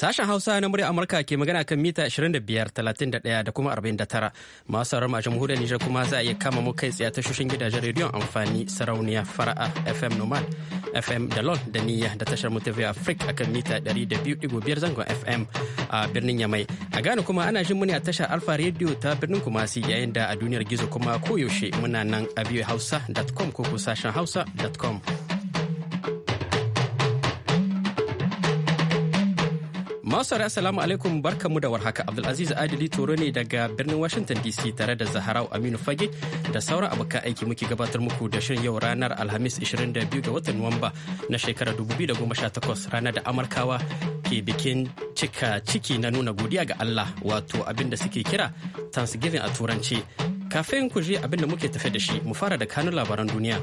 Sashen Hausa na murya Amurka ke magana kan mita 25.31 da kuma 49. Masu sauraron a hudu Nijar kuma za a iya kama mu kai tsaye tashoshin gidajen rediyon amfani sarauniya fara'a FM Nomad, FM Dalon da Niyya da tashar Mutafi Africa akan mita 200.5 zangon FM a birnin Yamai. A Ghana kuma ana jin muni a tashar Alfa rediyo ta birnin Kumasi yayin da a duniyar gizo kuma koyaushe muna nan a hausa.com ko sashen hausa.com. Masaura salamu alaikum barkamu da warhaka Abdulaziz Adili Toro ne daga birnin Washington DC tare da Zaharau Aminu Fage da sauran abokan aiki muke gabatar muku da shirin yau ranar Alhamis 22 ga watan Nuwamba na shekarar 2018 ranar da Amurkawa ke bikin cika ciki na nuna godiya ga Allah wato abin da suke kira Thanksgiving a turanci. Kafin ku je abin da muke tafe da shi mu fara da kanun labaran duniya.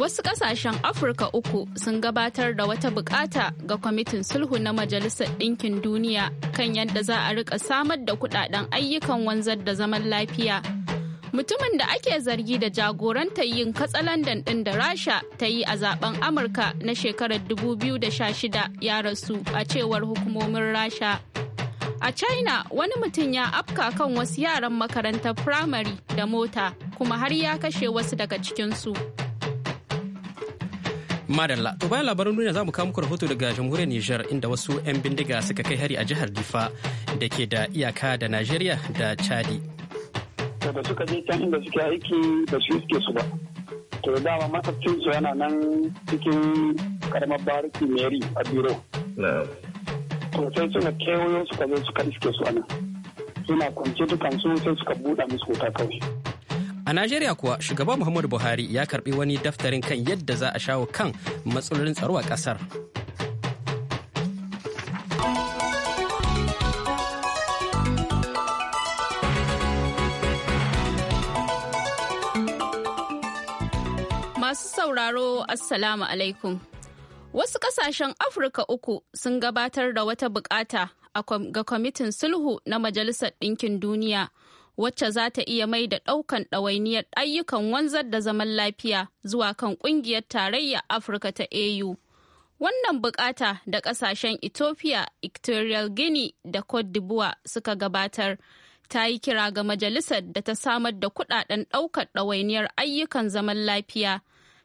Wasu kasashen Afirka uku sun gabatar da wata bukata ga kwamitin sulhu na Majalisar Ɗinkin Duniya kan yadda za a rika samar da kudaden ayyukan wanzar da zaman lafiya. Mutumin da ake zargi da jagorantar yin katsalandan ɗin da Rasha ta yi a zaben Amurka na shekarar 2016 ya rasu a cewar hukumomin Rasha. A China wani mutum ya afka kan wasu yaran makarantar firamare da mota kuma har ya kashe wasu daga cikinsu. Madalla, to bayan labarin duniya za mu kawo muku rahoto daga jamhuriyar Nijar inda wasu 'yan bindiga suka kai hari a jihar Difa da ke da iyaka da Najeriya da Chadi. Da suka je can inda suke aiki da su suke su ba. To dama makwabcin su yana nan cikin karamar bariki Mary a biro. To sai suna kewayo suka zo suka iske su a nan. Suna kwance dukansu sai suka buɗa musu wuta kawai. A Najeriya kuwa shugaba Muhammadu Buhari ya karbi wani daftarin kan yadda za a shawo kan matsalolin tsaro a ƙasar. Masu sauraro, Assalamu alaikum. Wasu ƙasashen Afirka uku sun gabatar da wata bukata ga kwamitin sulhu na Majalisar Ɗinkin Duniya wacce za ta iya mai da ɗaukan ɗawainiyar ayyukan wanzar da zaman lafiya zuwa kan ƙungiyar tarayyar afirka ta au wannan bukata da ƙasashen ethiopia equatorial guinea da cote d'ivoire suka gabatar ta yi kira ga majalisar da ta samar da kuɗaɗen ɗaukar ɗawainiyar ayyukan zaman lafiya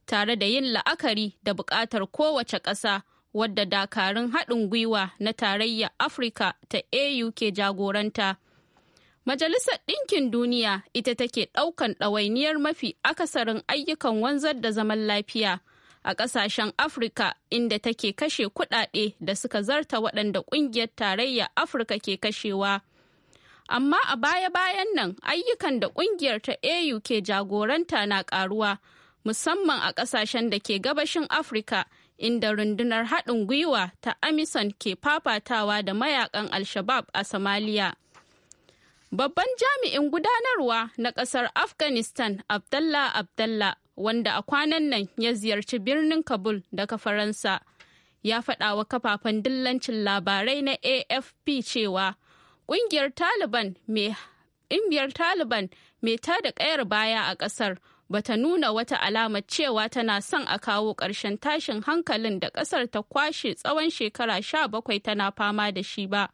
tare da yin la'akari da buƙatar kowace ƙasa wadda dakarun haɗin gwiwa na tarayya afirka ta au ke jagoranta Majalisar Ɗinkin Duniya ita take ɗaukan ɗawainiyar mafi akasarin ayyukan wanzar da zaman lafiya a ƙasashen Afirka inda take kashe kuɗaɗe da suka zarta waɗanda ƙungiyar tarayya Afirka ke kashewa. Amma a baya-bayan nan ayyukan da ƙungiyar ta AU ke jagoranta na ƙaruwa musamman a ƙasashen da ke gabashin Afirka inda rundunar haɗin gwiwa ta Amison ke fafatawa da mayakan Al-Shabab a Somalia. Babban jami'in gudanarwa na ƙasar Afghanistan Abdallah Abdallah wanda a kwanan nan ya ziyarci birnin Kabul daga Faransa ya faɗa wa kafafen dillancin labarai na AFP cewa ƙungiyar Taliban mai Taliban mai ta da ƙayar baya a ƙasar bata nuna wata alama cewa tana son a kawo ƙarshen tashin hankalin da ƙasar ta kwashe tsawon shekara sha bakwai tana fama da shi ba.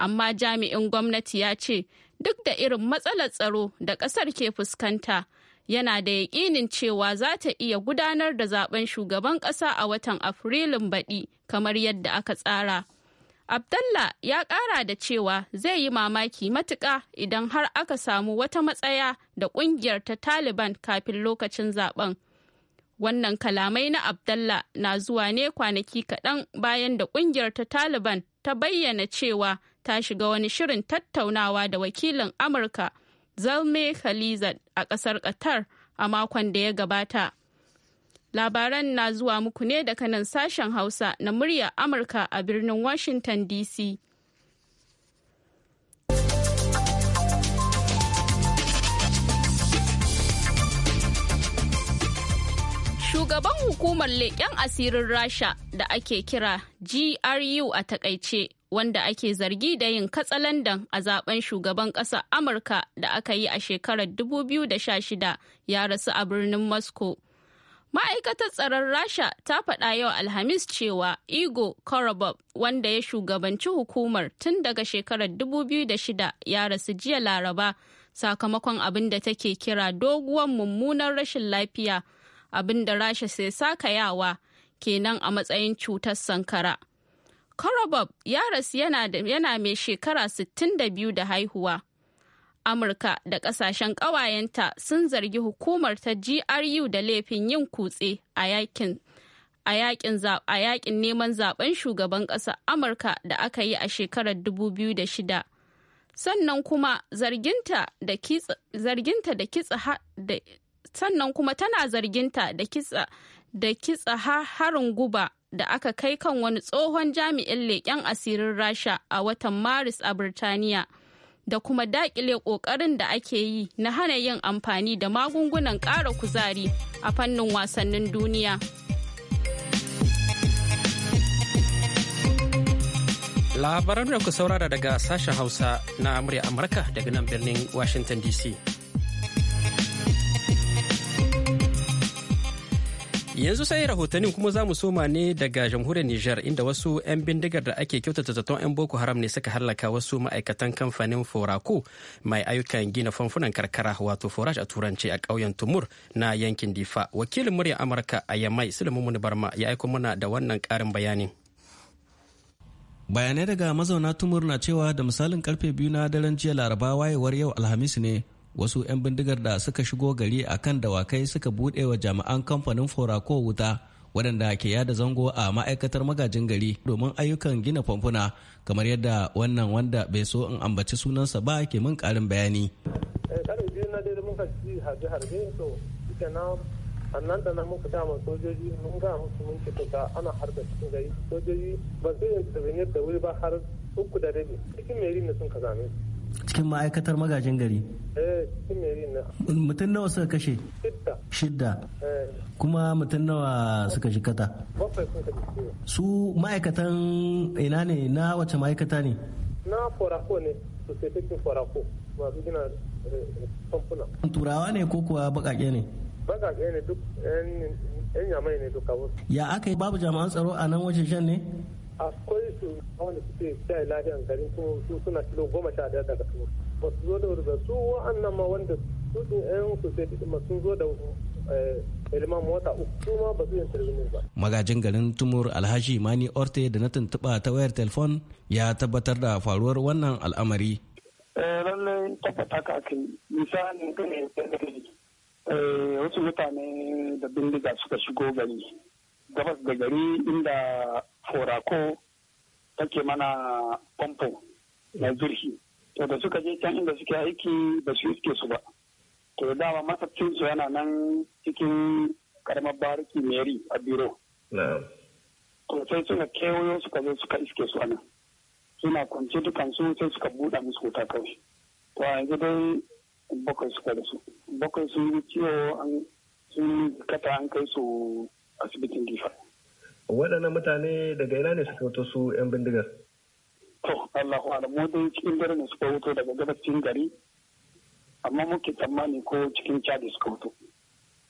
amma jami'in gwamnati ya ce duk da irin matsalar tsaro da ƙasar ke fuskanta yana da yaƙinin cewa za ta iya gudanar da zaben shugaban ƙasa a watan afrilun baɗi kamar yadda aka tsara abdallah ya ƙara da cewa zai yi mamaki matuƙa idan har aka samu wata matsaya da ƙungiyar ta taliban kafin lokacin zaben wannan kalamai na abdallah na zuwa ne kwanaki kaɗan bayan da ƙungiyar ta taliban ta bayyana cewa ta shiga wani shirin tattaunawa da wakilin amurka zalme khalizat a ƙasar qatar a makon da ya gabata labaran na zuwa muku ne daga nan sashen hausa na murya amurka a birnin washington dc shugaban hukumar leƙen asirin rasha da ake kira gru a takaice wanda ake zargi da yin katsalandan a zaben shugaban ƙasar amurka da aka yi a shekarar 2016 ya rasu a birnin moscow ma'aikatar tsaron rasha ta faɗa yau alhamis cewa igor korobov wanda ya shugabanci hukumar tun daga shekarar 2006 ya rasu jiya laraba sakamakon abin da take kira doguwan mummunar rashin lafiya abin da rasha sai sakayawa kenan a matsayin cutar sankara Korobov ya rasu yana mai shekara 62 da haihuwa. Amurka da ƙasashen ƙawayenta sun zargi hukumar ta GRU da laifin yin kutse a yakin a yakin neman zaben shugaban ƙasa Amurka da aka yi a shekarar 2006. Sannan kuma sannan kuma tana zarginta da kitsa da kitsa harin guba da aka kai kan wani tsohon jami'in leƙen asirin rasha a watan maris a birtaniya da kuma daƙile ƙoƙarin da ake yi na hana yin amfani da magungunan ƙara kuzari a fannin wasannin duniya labaran da ku saurara daga sashen hausa na amurka daga nan birnin washington dc yanzu sai rahotannin kuma za mu soma ne daga jamhuriyar Nijar inda wasu 'yan bindigar da ake kyautata zaton 'yan Boko Haram ne suka hallaka wasu ma'aikatan kamfanin Forako mai ayyukan gina famfunan karkara wato forage a turanci a ƙauyen Tumur na yankin Difa. Wakilin muryar Amurka a Yamai Sulaiman Barma ya aiko mana da wannan karin bayani. Bayanai daga mazauna Tumur na cewa da misalin karfe biyu na daren jiya Laraba wayewar yau Alhamis ne wasu 'yan bindigar da suka shigo gari a kan dawakai suka buɗe wa jami'an kamfanin forako wuta wadanda ke yada zango a ma'aikatar magajin gari domin ayyukan gina famfuna kamar yadda wannan wanda bai so in ambaci sunansa ba ke min ƙarin bayani. Eh, sannan da na muka ta ma sojoji mun ga musu mun ce ana harba cikin gari sojoji ba zai da wuri ba har uku da rabi cikin meri ne sun ka cikin ma'aikatar magajin gari eh, mutum nawa suka kashe shidda eh. kuma mutum nawa suka jikata su ma'aikatan ina ne na wace ma'aikata ne na forako ne su sai masu gina eh, kamfuna turawa ne ko kuwa bakake ne bakake ne duk yan yamai ne duka ya aka yi babu jama'an tsaro a nan wajen ne akwai su wanda suke kiyaye lafiyan garin kuma su suna kilo goma sha daya daga tuwo ba su zo da wuri ba su wa'annan ma wanda su sun yan sosai sun zo da eh, ilman mota uku su ma ba su yin turgumin ba. magajin garin tumur alhaji mani orte da na tuntuɓa ta wayar telefon ya tabbatar da faruwar wannan al'amari. Eh, lallai tabbata ka ake misali kan eh, wasu mutane da bindiga suka shigo gari gabas da gari inda forako take mana pompo na zurfi to da suka je can inda suke aiki ba su iske su ba to da dama masarcin su yana nan cikin karamar bariki meri a biro to sai suna kewayo suka zo suka iske su ana suna kwanci dukansu sai suka buɗa musu wuta kawai to a yanzu dai bakwai suka su bakwai sun yi ciwo an sun kata an kai su asibitin difa waɗannan mutane daga ina ne suka wuto su 'yan bindigar to allahu alam mu dai cikin dare ne suka wuto daga gabacin gari amma muke tsammani ko cikin cadi suka wuto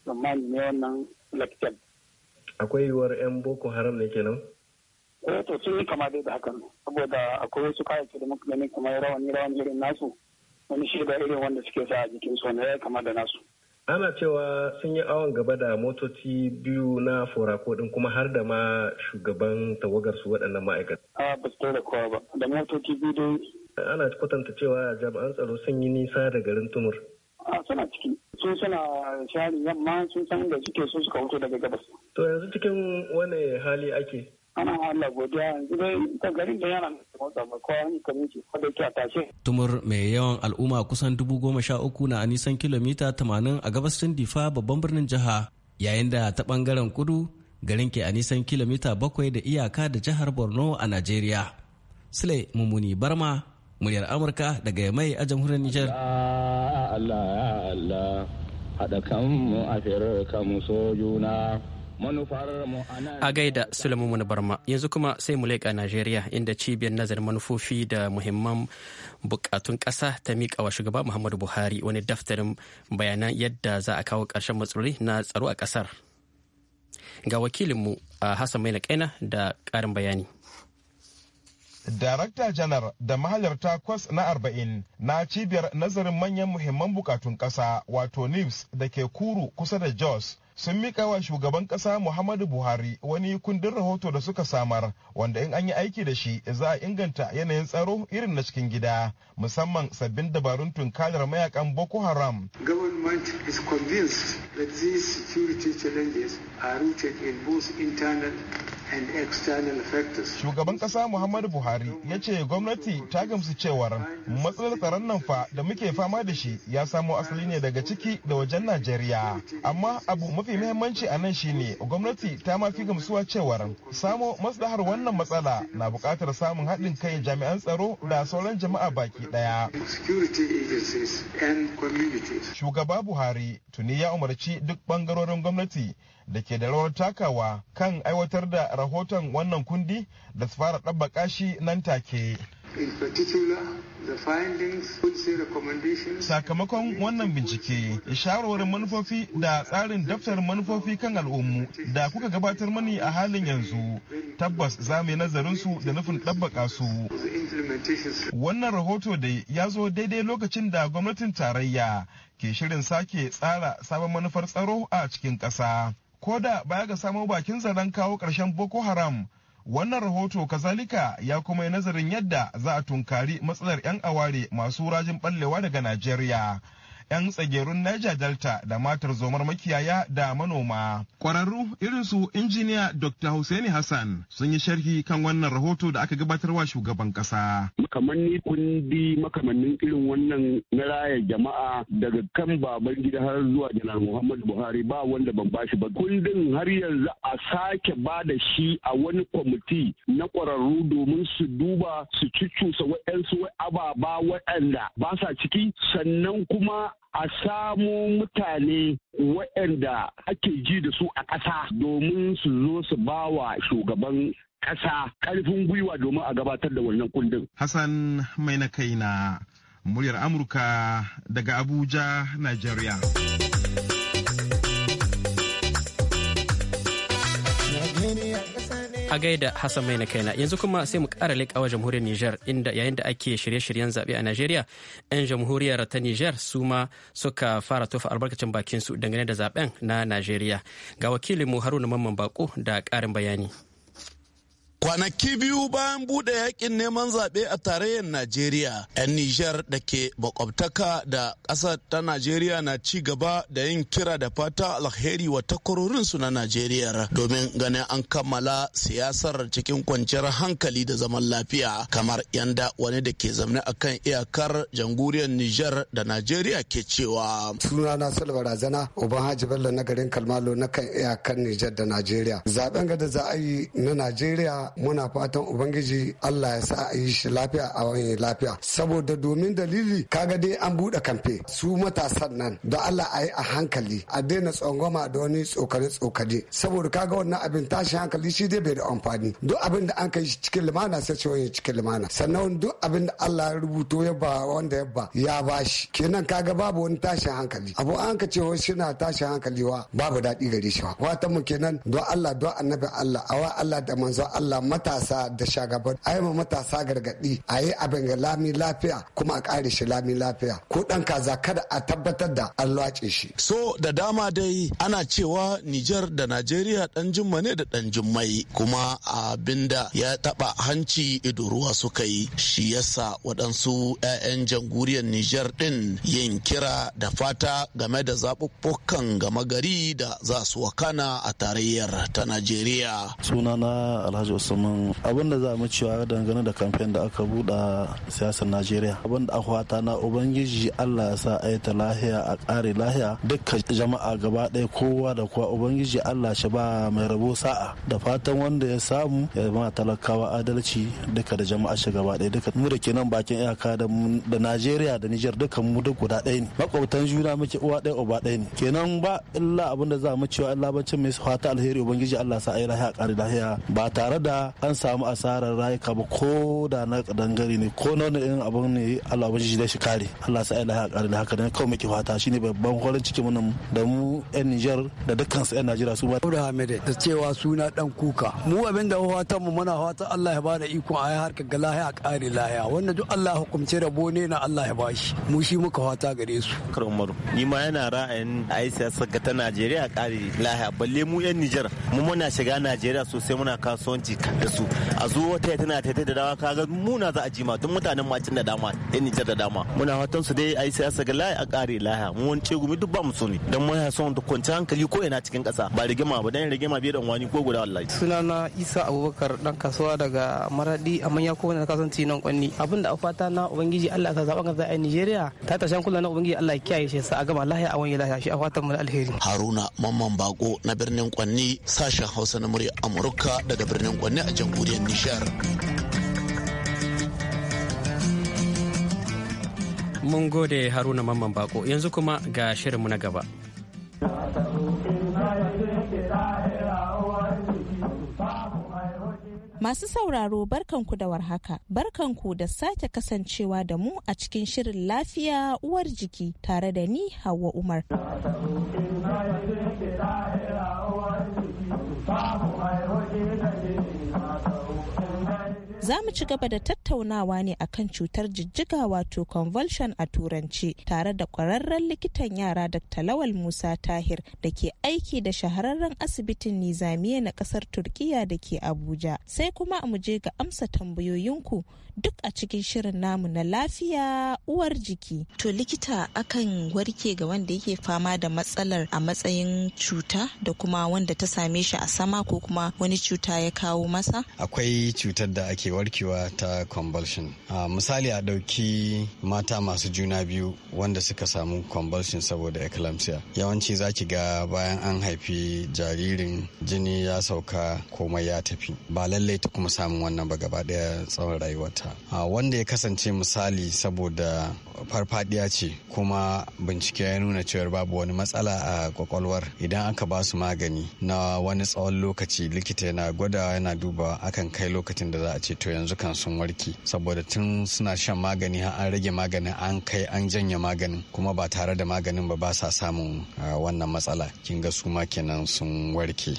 tsammani ne wannan lakcan akwai yiwuwar 'yan boko haram ne kenan ko eh, to sun yi kama dai da hakan saboda akwai wasu kayayyaki da muka gani kamar rawani rawani irin nasu wani da irin wanda suke sa a jikin su wanda ya kama da nasu ana cewa sun yi awon gaba da motoci biyu na forako din kuma har da ma shugaban tawagar su waɗannan ma'aikata. a ba su da kowa ba da motoci biyu dai ana kwatanta cewa jami'an tsaro sun yi nisa da garin tumur a suna ciki sun suna shari yamma sun san da suke so suka wuce daga gabas to yanzu cikin wane hali ake ana Allah godiya yanzu dai ta garin da yana motsa kowa ko da a Tumur mai yawan al'umma kusan dubu goma sha uku na a nisan kilomita tamanin a gabasin Difa babban birnin jiha yayin da ta bangaren kudu garin ke a nisan kilomita bakwai da iyaka da jihar Borno a nigeria Sule Mumuni Barma muryar Amurka daga Yamai a jamhuriyar Nijar. Allah Allah haɗa kanmu a kanmu so juna. A gaida Sulaimu Barma yanzu kuma sai mu leƙa Najeriya inda cibiyar nazarin manufofi da muhimman bukatun ƙasa ta miƙa wa shugaba Muhammadu Buhari wani daftarin bayanan yadda za a kawo ƙarshen matsaloli na tsaro a ƙasar. Ga wakilinmu a Hassan Maina Kaina da ƙarin bayani. Darakta janar da mahalarta kwas na arba'in na cibiyar nazarin manyan muhimman bukatun ƙasa wato NIPS da ke kuru kusa da Jos sun mika wa shugaban kasa Muhammadu Buhari wani kundin rahoto da suka samar wanda in an yi aiki da shi za a inganta yanayin tsaro irin na cikin gida musamman sabbin dabarun tunkarar mayakan Boko Haram. Government is convinced that these security challenges are rooted in both internal Shugaban ƙasa Muhammadu Buhari ya ce gwamnati ta gamsu cewar matsalar tsaron nan fa da muke fama da shi ya samo asali ne daga ciki da wajen Najeriya. Amma abu mafi muhimmanci a nan shine gwamnati ta ma fi gamsuwa cewar samo maslahar wannan matsala na buƙatar samun haɗin kai jami'an tsaro da sauran jama'a baki ɗaya. Shugaba Buhari tuni ya umarci duk ɓangarorin gwamnati da ke da rawar takawa kan aiwatar da rahoton wannan kundi da su fara ɗabbaka shi nan take. Sakamakon wannan bincike, shawarwarin manufofi da tsarin daftarin manufofi kan al'ummu da kuka gabatar mani a halin yanzu tabbas za mu yi nazarinsu da nufin ɗabbaka su. Wannan rahoto da ya zo daidai lokacin da gwamnatin tarayya ke shirin sake tsara sabon manufar tsaro a cikin ƙasa. ko da baya ga samun bakin zaren kawo ƙarshen boko haram wannan rahoto kazalika ya kuma yi nazarin yadda za a tunkari matsalar 'yan aware masu rajin ɓallewa daga najeriya 'yan tsagerun Niger Delta da matar zomar makiyaya da manoma. Kwararru irin su injiniya Dr. Hussaini Hassan sun yi sharhi kan wannan rahoto da aka wa shugaban kasa. Makamanni kundi makamannin irin wannan na raya jama'a daga kan baban gida har zuwa janar Muhammadu Buhari ba wanda ban bashi ba. Kundin har yanzu a sake ba da shi a wani kwamiti na kwararru domin su duba su cucusa waɗansu ababa waɗanda ba sa ciki sannan kuma a samu mutane waɗanda ake ji da su a ƙasa domin su zo su ba wa shugaban ƙasa ƙarfin gwiwa domin a gabatar da wannan kundin. Hassan mai na kai na muryar Amurka daga Abuja, Najeriya. a gaida Hassan mai na kaina yanzu kuma sai mu kara wa jamhuriyar Nijar inda yayin da ake shirye-shiryen zaɓe a Najeriya 'yan jamhuriyar ta Nijar su ma suka fara tofa albarkacin bakin su dangane da zaɓen na Najeriya ga wakilinmu Haruna Mamman Bako da ƙarin bayani. Kwanaki biyu bayan bude yakin neman zaɓe a tarayyar Najeriya, 'yan Nijar da ke makwabtaka da ƙasar ta Najeriya na ci gaba da yin kira da fata alheri wa takwarorinsu na Najeriya domin ganin an kammala siyasar cikin kwanciyar hankali da zaman lafiya kamar yanda wani da ke zamne a kan iyakar jamhuriyar Nijar da Najeriya ke cewa. Sunana Salwa Razana, Uban Haji Bello na garin Kalmalo na kan iyakar Nijar da Najeriya. Zaben ga da za a yi na Najeriya muna fatan ubangiji allah ya sa a yi shi lafiya a wani lafiya saboda domin dalili kaga dai an buɗe kamfe su matasan nan da allah a yi a hankali a daina tsangwama da wani tsokane tsokane saboda kaga wannan abin tashi hankali shi dai bai da amfani duk abin da an kai shi cikin lumana sai ce wani cikin lumana sannan duk abin da allah ya rubuto ya ba wanda ya ba ya ba shi kenan kaga babu wani tashin hankali abu an ka ce wai na tashin hankali wa babu daɗi gare shi wa watan mu kenan don allah don annabi allah awa allah da manzo allah matasa da shagaban a yi ma matasa gargaɗi a yi abin ga lami lafiya kuma a ƙare shi lami lafiya ko ɗan kaza kada a tabbatar da an lwace shi. so da dama dai ana cewa nijar da najeriya ɗan jimma ne da ɗan jimmai kuma abinda ya taɓa hanci ido ruwa suka yi shi yasa waɗansu 'ya'yan jamhuriyar nijar ɗin yin kira da fata game da zaɓuɓɓukan gama gari da za su wakana a tarayyar ta najeriya sunana alhaji musamman abin da za mu cewa dangane da kamfen da aka buɗa siyasar najeriya abin da akwata na ubangiji allah ya sa aita lahiya a ƙare lahiya dukkan jama'a gaba ɗaya kowa da kowa ubangiji allah shi ba mai rabo sa'a da fatan wanda ya samu ya zama talakawa adalci duka da jama'a shi gaba ɗaya duka mu da ke nan bakin iyaka da najeriya da nijar dukkan mu duk guda ɗaya ne makwabtan juna muke uwa ɗaya uba ɗaya ne kenan ba illa abin da za mu cewa illa bacin mai fata alheri ubangiji allah sa aita lahiya a ƙare lahiya ba tare da an samu asarar rayuka ba ko da na dangare ne ko na wani abin ne Allah ba shi da shi kare Allah sa ya kare da haka ne kawai muke fata shine babban horon cikin mu da mu ɗan Niger da dukkan su ɗan Najeriya su ba da Hamide da cewa suna dan kuka mu abin da fatan mu muna fatan Allah ya bada iko a harkar ga lahiya kare lahiya wannan duk Allah hukumce rabo ne na Allah ya bashi mu shi muka fata gare su kar Umaru ni ma yana ra'ayin ai siyasar ga ta Najeriya kare lahiya balle mu ɗan Niger mu muna shiga Najeriya sosai muna kasuwanci da su a zo wata tana ta da dama kaga muna za a ji ma don mutanen cin da dama yan nijar da dama muna fatan su dai ayi siyasa ga layi a kare lahiya mu wani ce gumi duk ba mu so ne don mun son da kwanci hankali ko ina cikin kasa ba rigima ba dan rigima bai da wani ko guda wallahi sunana Isa Abubakar dan kasuwa daga Maradi amma ya na kasance nan kwanni abinda a fata na ubangiji Allah ka zaba ga a Nigeria ta ta shan kullana ubangiji Allah ya kiyaye shi sa a gama lahiya a wani lahiya shi a fatan mu alheri Haruna Mamman Bako na birnin Kwanni sashen Hausa na murya Amurka daga birnin Kwanni kwanni a jamhuriyar nishar mun gode haruna mamman bako yanzu kuma ga shirinmu na gaba Masu sauraro barkanku da warhaka, barkanku da sake kasancewa da mu a cikin shirin lafiya uwar jiki tare da ni Hauwa Umar. za mu ci gaba da tattaunawa ne akan cutar jijjiga wato convulsion a turanci tare da kwararren likitan yara dr lawal musa tahir da ke aiki da shahararren asibitin nizamiya na kasar turkiya da ke abuja sai kuma mu je ga amsa tambayoyinku duk a cikin shirin namu na lafiya uwar jiki to likita akan warke ga wanda yake fama da matsalar a matsayin cuta da kuma wanda ta same shi a sama ko kuma wani cuta ya kawo masa akwai cutar da ake ke warkewa ta convulsion misali a ɗauki mata masu juna biyu wanda suka samu convulsion saboda eclampsia yawanci za ki ga bayan an haifi jaririn jini ya sauka komai ya tafi ba lallai ta kuma samun wannan ba gaba daya tsawon rayuwarta wanda ya kasance misali saboda farfadiya ce kuma bincike ya nuna cewar babu wani matsala a kwakwalwar idan aka ba su magani na wani tsawon lokaci likita yana gwada yana duba akan kai lokacin da za a ce to yanzu kan sun warke saboda tun suna shan magani har an rage maganin an kai an janye maganin kuma ba tare da maganin ba ba sa samun wannan matsala kin ga su ma kenan sun warke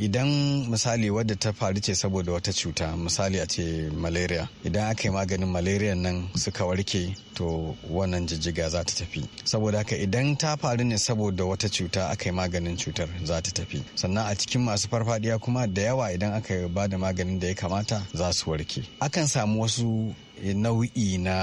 idan misali wadda ta faru ce saboda wata cuta misali a ce malaria idan aka yi maganin malaria nan suka warke to wannan jijjiga za ta tafi saboda haka idan ta faru ne saboda wata cuta aka yi maganin cutar za ta tafi sannan a cikin masu farfadiya kuma da yawa idan aka ba da maganin da ya kamata za su warke warke akan samu wasu eh, nau'i na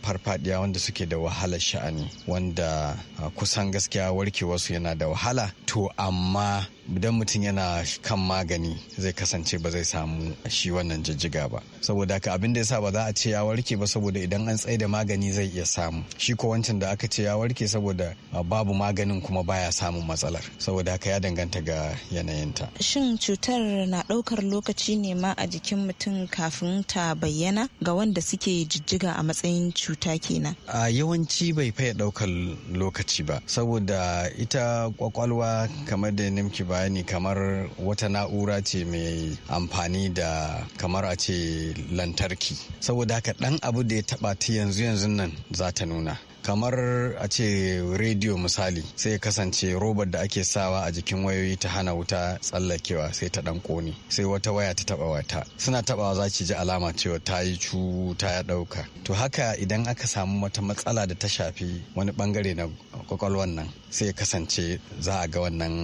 farfadiya wanda suke da wahalar sha'ani wanda ah, kusan gaskiya warke wasu yana da wahala to amma idan mutum yana kan magani zai kasance ba zai samu shi wannan jijjiga ba saboda haka abin da ya sa ba za a ce ya warke ba saboda idan an tsaye da magani zai iya samu shi ko wancan da aka ce ya warke saboda babu maganin kuma baya samun matsalar saboda haka ya danganta ga yanayinta shin cutar na ɗaukar lokaci ne ma a jikin mutum kafin ta bayyana ga wanda suke jijjiga a matsayin cuta kenan a yawanci bai faya ɗaukar lokaci ba saboda ita kwakwalwa kamar da nimki ba bayani kamar wata na'ura ce mai amfani da kamar a ce lantarki saboda haka ɗan abu da ya taɓa ta yanzu yanzu nan za ta nuna kamar a ce rediyo misali sai kasance robar da ake sawa a jikin wayoyi ta hana wuta tsallakewa sai ta dan kone sai wata waya ta taba wata suna tabawa za ki ji alama cewa ta yi cu ta ya dauka to haka idan aka samu wata matsala da ta shafi wani bangare na kwakwalwan nan sai kasance za a ga wannan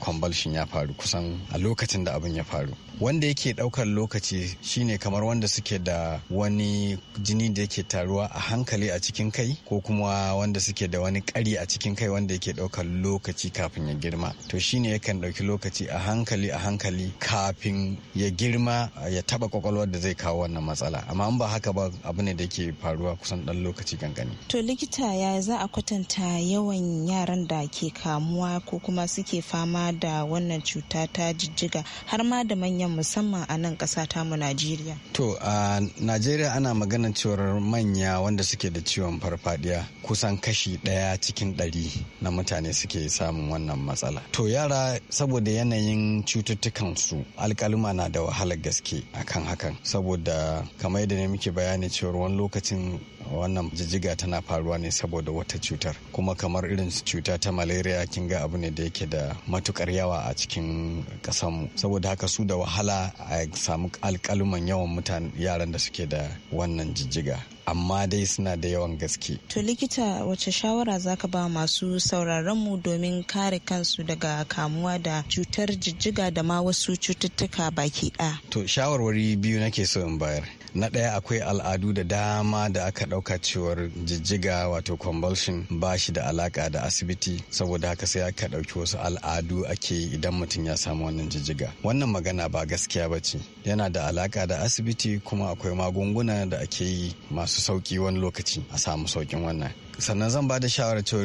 convulsion ya faru kusan a lokacin da abin ya faru wanda yake daukar lokaci shine kamar wanda suke da wani jini da yake taruwa a hankali a cikin kai ko kuma wanda suke da wani kari a cikin kai wanda yake daukar lokaci kafin ya girma to shine yakan dauki lokaci a hankali a hankali kafin ya girma ya taba kwakwalwar da zai kawo wannan matsala amma in ba haka ba abu ne da yake faruwa kusan dan lokaci kankani to likita ya za a kwatanta yawan yaran da ke kamuwa ko kuma suke fama fama da wannan cuta ta jijjiga har ma da manyan musamman a nan ƙasa tamu najeriya to a najeriya ana maganar cewar manya wanda suke da ciwon farfadiya kusan kashi ɗaya cikin ɗari na mutane suke samun wannan matsala to yara saboda yanayin cututtukan su alkaluma na da wahalar gaske akan hakan saboda kamar yadda ne muke bayani cewar wani lokacin wannan jijjiga tana faruwa ne saboda wata cutar kuma kamar irin cuta ta malaria kin ga abu ne da yake da matukar yawa a cikin kasanmu saboda haka su da wahala a samu alkaluman yawan mutane yaran da suke da wannan jijjiga amma dai suna da yawan gaske. To likita wace shawara zaka ba masu sauraron mu domin kare kansu daga kamuwa da cutar jijjiga da ma wasu cututtuka baki ɗaya? To shawarwari biyu nake so in bayar. na ɗaya akwai al'adu da dama da aka ɗauka cewar jijjiga wato convulsion ba shi da alaƙa da asibiti saboda haka sai aka ɗauki wasu al'adu ake idan mutum ya samu wannan jijjiga wannan magana ba gaskiya ba ce yana da alaƙa da asibiti kuma akwai magunguna da ake yi masu sauƙi wani lokaci a samu sauƙin wannan sannan zan ba da shawarar cewa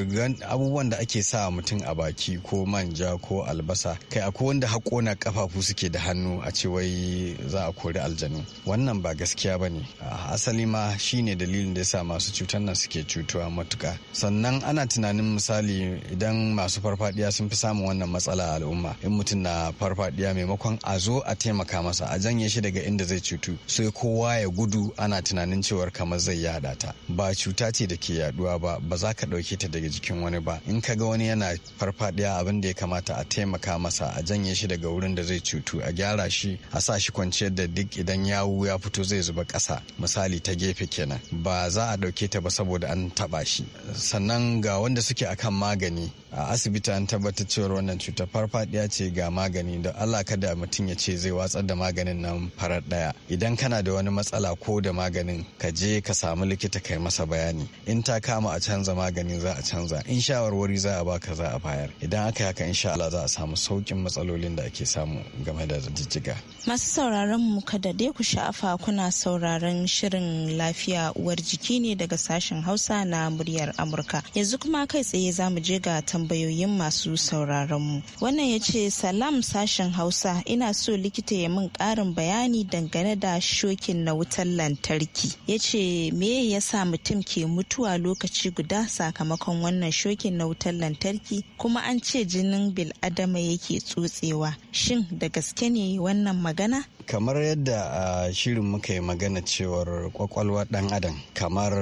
abubuwan da ake sa mutum a baki ko manja ko albasa kai akwai wanda haƙona kafafu suke da hannu a ce wai za a kori aljanu wannan ba gaskiya ba ne asali ma shine dalilin da ya sa masu cutar nan suke cutuwa matuka sannan ana tunanin misali idan masu farfadiya sun fi samun wannan matsala a al'umma in mutum na farfadiya maimakon a zo a taimaka masa a janye shi daga inda zai cutu sai kowa ya gudu ana tunanin cewar kamar zai yada ta ba cuta ce da ke yaduwa ba ba za ka ɗauke ta daga jikin wani ba in ka ga wani yana farfadiya abin da ya kamata a taimaka masa a janye shi daga wurin da zai cutu a gyara shi a sa shi kwanciyar da duk idan yawu ya fito zai zuba ƙasa misali ta gefe kenan ba za a ɗauke ta ba saboda an taɓa shi sannan ga wanda suke akan magani a asibiti an tabbatar cewar wannan cutar farfadiya ce ga magani da allah kada mutum ya ce zai watsar da maganin nan farar ɗaya idan kana da wani matsala ko da maganin ka je ka samu likita kai masa bayani in ta kama a canza maganin za a canza in shawarwari za a baka za a bayar idan aka haka insha Allah za a samu saukin matsalolin da ake samu game da jijjiga masu sauraron mu kada dai ku sha'afa kuna sauraron shirin lafiya uwar jiki ne daga sashen Hausa na muryar Amurka yanzu kuma kai tsaye za mu je ga tambayoyin masu sauraron mu wannan ya ce salam sashen Hausa ina so likita ya min ƙarin bayani dangane da shokin na wutar lantarki yace me yasa mutum ke mutuwa lokaci. lokaci guda sakamakon wannan shokin na wutar lantarki kuma an ce jinin bil'adama yake tsotsewa shin da gaske ne wannan magana kamar yadda shirin muka yi magana cewar kwakwalwa dan adam kamar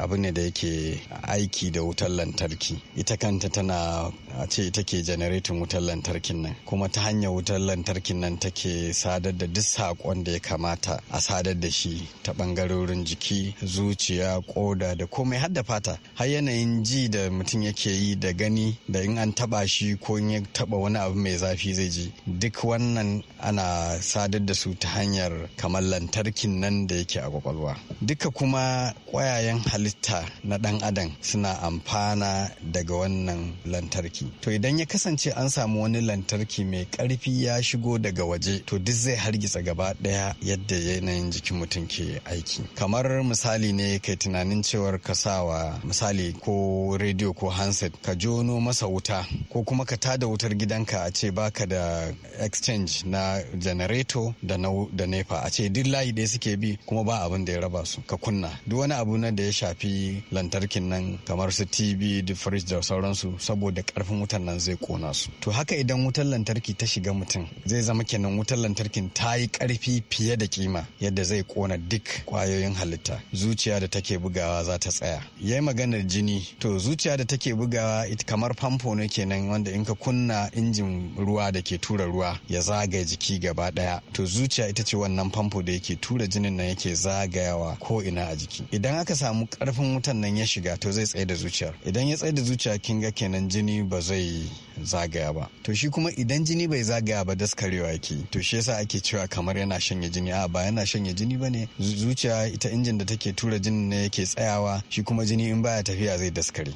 abu ne da yake aiki da wutar lantarki ita kanta tana a ce ita ke janaretin wutar lantarkin nan kuma ta hanyar wutar lantarkin nan take sadar da duk saƙon da ya kamata a sadar da shi ta ɓangarorin jiki zuciya koda da komai har da bukata har yanayin ji da mutum yake yi da gani da in an taba shi ko in ya taba wani abu mai zafi zai ji duk wannan ana sadar da su ta hanyar kamar lantarkin nan da yake a kwakwalwa duka kuma kwayayen halitta na dan adam suna amfana daga wannan lantarki to idan ya kasance an samu wani lantarki mai karfi ya shigo daga waje to duk zai hargitsa gaba daya yadda yanayin jikin mutum ke aiki kamar misali ne kai tunanin cewar kasawa misali ko rediyo ko handset ka jono masa wuta ko kuma ka tada wutar gidanka a ce baka da exchange na janareto da na da nepa a ce duk layi ɗaya suke bi kuma ba abin da ya raba su ka kunna duk wani abu na da ya shafi lantarkin nan kamar su tv da fridge da sauransu saboda karfin wutan nan zai kona su to haka idan wutar lantarki ta shiga mutum zai zama kenan wutar lantarkin ta yi karfi fiye da kima yadda zai kona duk kwayoyin halitta zuciya da take bugawa za ta tsaya ya yi maganar jini to zuciya da take bugawa ita kamar famfo ne kenan wanda in ka kunna injin ruwa da ke tura ruwa ya zagaya jiki gaba daya to zuciya ita ce wannan famfo da yake tura jinin nan yake zagayawa ko ina a jiki idan aka samu karfin wutan nan ya shiga to zai tsaye da zuciyar idan ya tsaye da zuciya kin ga kenan jini ba zai zagaya ba to shi kuma idan jini bai zagaya ba daskarewa yake to shi yasa ake cewa kamar yana shanye jini a ba yana shanye jini bane zuciya ita injin da take tura jinin ne yake tsayawa shi kuma jini jini in baya tafiya zai daskare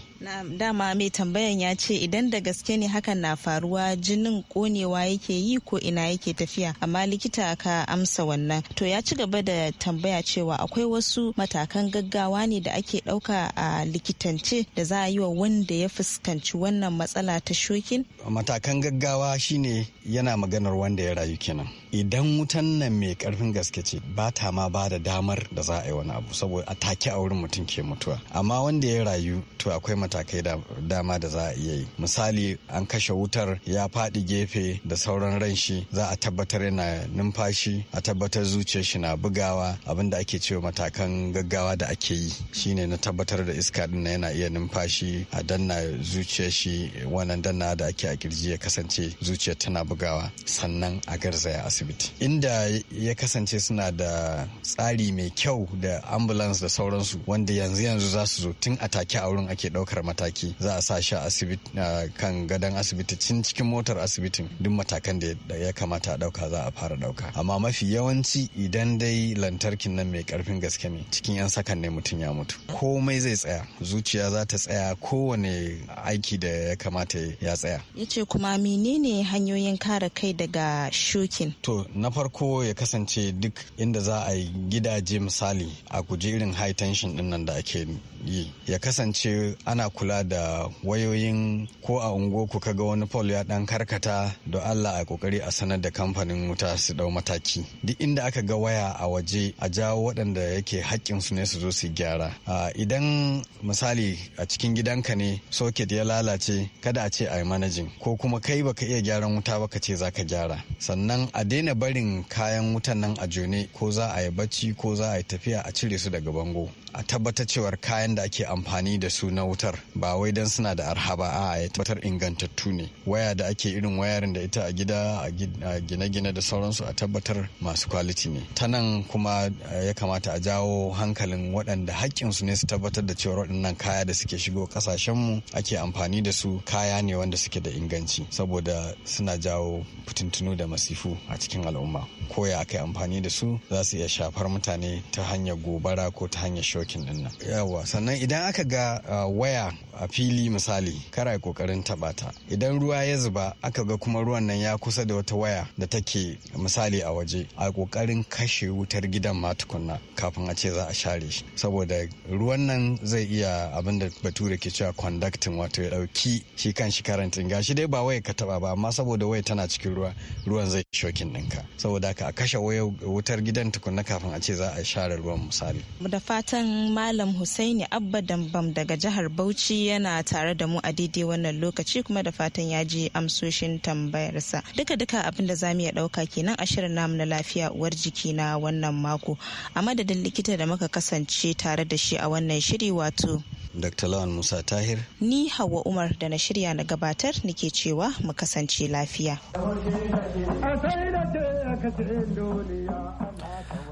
dama mai tambayan ya ce idan da gaske ne hakan na faruwa jinin konewa yake yi ko ina yake tafiya amma likita ka amsa wannan to ya ci gaba da tambaya cewa akwai wasu matakan gaggawa ne da ake ɗauka a likitance da za a yi wa wanda ya fuskanci wannan matsala ta shokin matakan gaggawa shine yana maganar wanda ya rayu kenan idan wutan nan mai karfin gaske ce ba ta ma ba da damar da za a yi wani abu saboda a take a wurin mutum ke mutuwa amma wanda ya rayu to akwai matakai dama da za a iya yi misali an kashe wutar ya faɗi gefe da sauran ran shi za a tabbatar yana numfashi a tabbatar zuciyar shi na bugawa abin da ake cewa matakan gaggawa da ake yi shine na tabbatar da iska din yana iya numfashi a danna zuciyar shi wannan danna da ake a kirji ya kasance zuciyar tana bugawa sannan a garzaya asibiti asibiti inda ya kasance suna da tsari mai kyau da ambulance da sauransu wanda yanzu yanzu za su zo tun a take a wurin ake daukar mataki za a sa shi asibiti kan gadon asibiti cin cikin motar asibitin duk matakan da ya kamata a dauka za a fara dauka amma mafi yawanci idan dai lantarkin nan mai karfin gaske ne cikin yan sakan ne mutum ya mutu komai zai tsaya zuciya za ta tsaya kowane aiki da ya kamata ya tsaya ya ce kuma menene hanyoyin kare kai daga shokin to na farko ya kasance duk inda za a yi gidaje misali a guji irin high tension din nan da ake yi ya kasance ana kula da wayoyin ko a ungo ku kaga wani pole ya dan karkata don allah a kokari a sanar da kamfanin wuta su dau mataki duk inda aka ga waya a waje a jawo waɗanda yake haƙƙin su ne su zo su gyara idan misali a cikin gidanka ne socket ya lalace kada a ce a yi managing ko kuma kai baka iya gyaran wuta ba ka ce za ka gyara sannan a daina barin kayan wutan nan a june ko za a yi bacci ko za a yi tafiya a cire su daga bango a tabbatar cewa kayan da ake amfani da su na wutar ba wai don suna da arha ba a ya tabbatar ingantattu ne waya da ake irin wayarin da ita a gida a gine-gine da sauransu a tabbatar masu kwaliti ne ta nan kuma eh, ya kamata a jawo hankalin waɗanda haƙƙinsu ne su tabbatar da cewar waɗannan kaya da suke shigo ƙasashenmu ake amfani da su kaya ne wanda suke da inganci saboda suna jawo fitintunu da masifu a cikin al'umma ko ya aka amfani da su za su iya shafar mutane ta hanyar gobara ko ta hanyar shoki networking din nan yawa sannan idan aka ga uh, waya a fili misali kara yi kokarin taba ta idan ruwa ya zuba aka ga kuma ruwan nan ya kusa da wata waya da take misali a waje a kokarin kashe wutar gidan ma tukunna kafin a ce za a share shi saboda ruwan nan zai iya abin da bature ke cewa conducting wato ya dauki shi kan shi karantin gashi dai ba waya ka taba ba amma saboda waya tana cikin ruwa ruwan zai shokin ɗinka saboda haka a kashe wutar gidan tukunna kafin a ce za a share ruwan misali da fatan nan Malam Husaini Abba Dambam daga jihar Bauchi yana tare da mu a daidai wannan lokaci kuma da fatan ya ji amsoshin tambayarsa. Duka-duka abin da za mu iya ɗauka kenan a shirin namu na lafiya uwar jiki na wannan mako. A madadin likita da muka kasance tare da shi a wannan shiri wato. Dr. Lawan Musa Tahir. Ni Hawa Umar da na shirya na gabatar nake cewa mu kasance lafiya.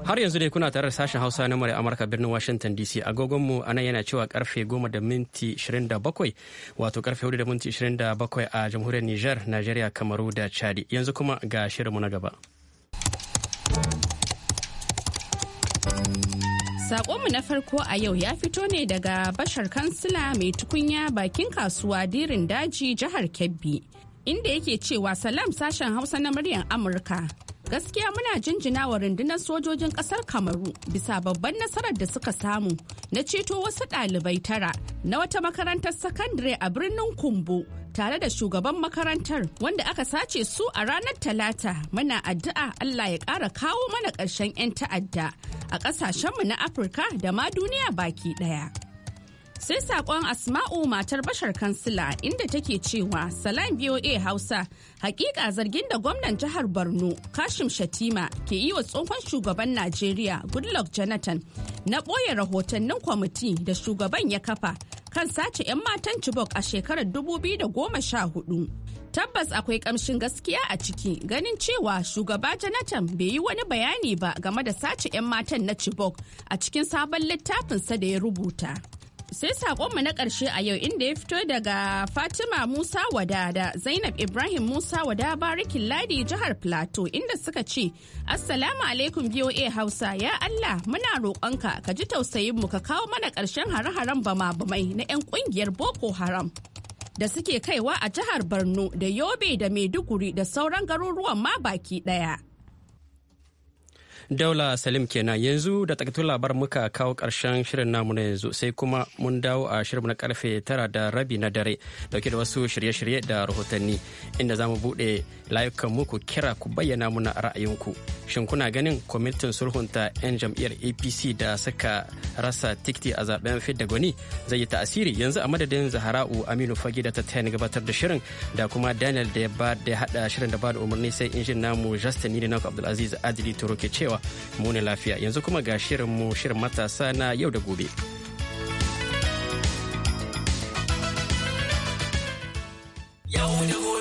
Har yanzu dai kuna tare da sashen Hausa na murya Amurka birnin Washington DC. Agogonmu a nan yana cewa karfe 10:27 wato karfe 4 a jamhuriyar Niger, Nigeria Kamaru da Chadi. Yanzu kuma ga shirinmu na gaba. Sakonmu na farko a yau ya fito ne daga bashar kansila mai tukunya bakin kasuwa dirin daji jihar Kebbi. Inda yake cewa salam sashen Hausa na muryar Amurka. gaskiya muna jinjina wa rundunar sojojin kasar kamaru bisa babban nasarar da suka samu na ceto wasu ɗalibai tara na wata makarantar sakandare a birnin kumbo tare da shugaban makarantar wanda aka sace su a ranar talata muna addu'a allah ya ƙara kawo mana ƙarshen 'yan ta'adda a ƙasashenmu na afirka da ma duniya baki ɗaya. Sai saƙon Asma'u matar bashar kansila inda take cewa Salam BOA Hausa hakika zargin da gwamnan jihar Borno Kashim Shatima ke yi wa tsohon shugaban Najeriya Goodluck Jonathan na ɓoye rahotannin kwamiti da shugaban ya kafa kan sace 'yan matan Chibok a shekarar 2014. Tabbas akwai kamshin gaskiya a ciki ganin cewa shugaba Jonathan bai yi wani bayani ba game da sace 'yan matan na Chibok a cikin sabon littafinsa da ya rubuta. sai mu na ƙarshe a yau inda ya fito daga fatima musa wada da zainab ibrahim musa wada barikin ladi jihar plateau inda suka ce assalamu alaikum voa hausa ya allah muna roƙonka ka ji tausayinmu ka kawo mana ƙarshen hare-haren bama-bamai na 'yan ƙungiyar boko haram da suke kaiwa a jihar borno da yobe da maiduguri da sauran garuruwan ma baki ɗaya Daula Salim kenan yanzu da takaitun labar muka kawo karshen shirin namu na yanzu sai kuma mun dawo a shirin na karfe tara da rabi na dare dauke da wasu shirye-shirye da rahotanni inda za mu buɗe layukan muku kira ku bayyana muna ra'ayinku. Shin kuna ganin kwamitin sulhunta 'yan jam'iyyar APC da suka rasa tikti a zaben fidda gwani zai yi tasiri yanzu a madadin Zahara'u Aminu Fage da ta ni gabatar da shirin da kuma Daniel da ya ya haɗa shirin da ba da umarni sai injin namu Justin Nidinako Abdulaziz Adili Turo ke cewa mu muni lafiya yanzu kuma ga shirin mu shirin matasa na yau da gobe. Yau da gobe.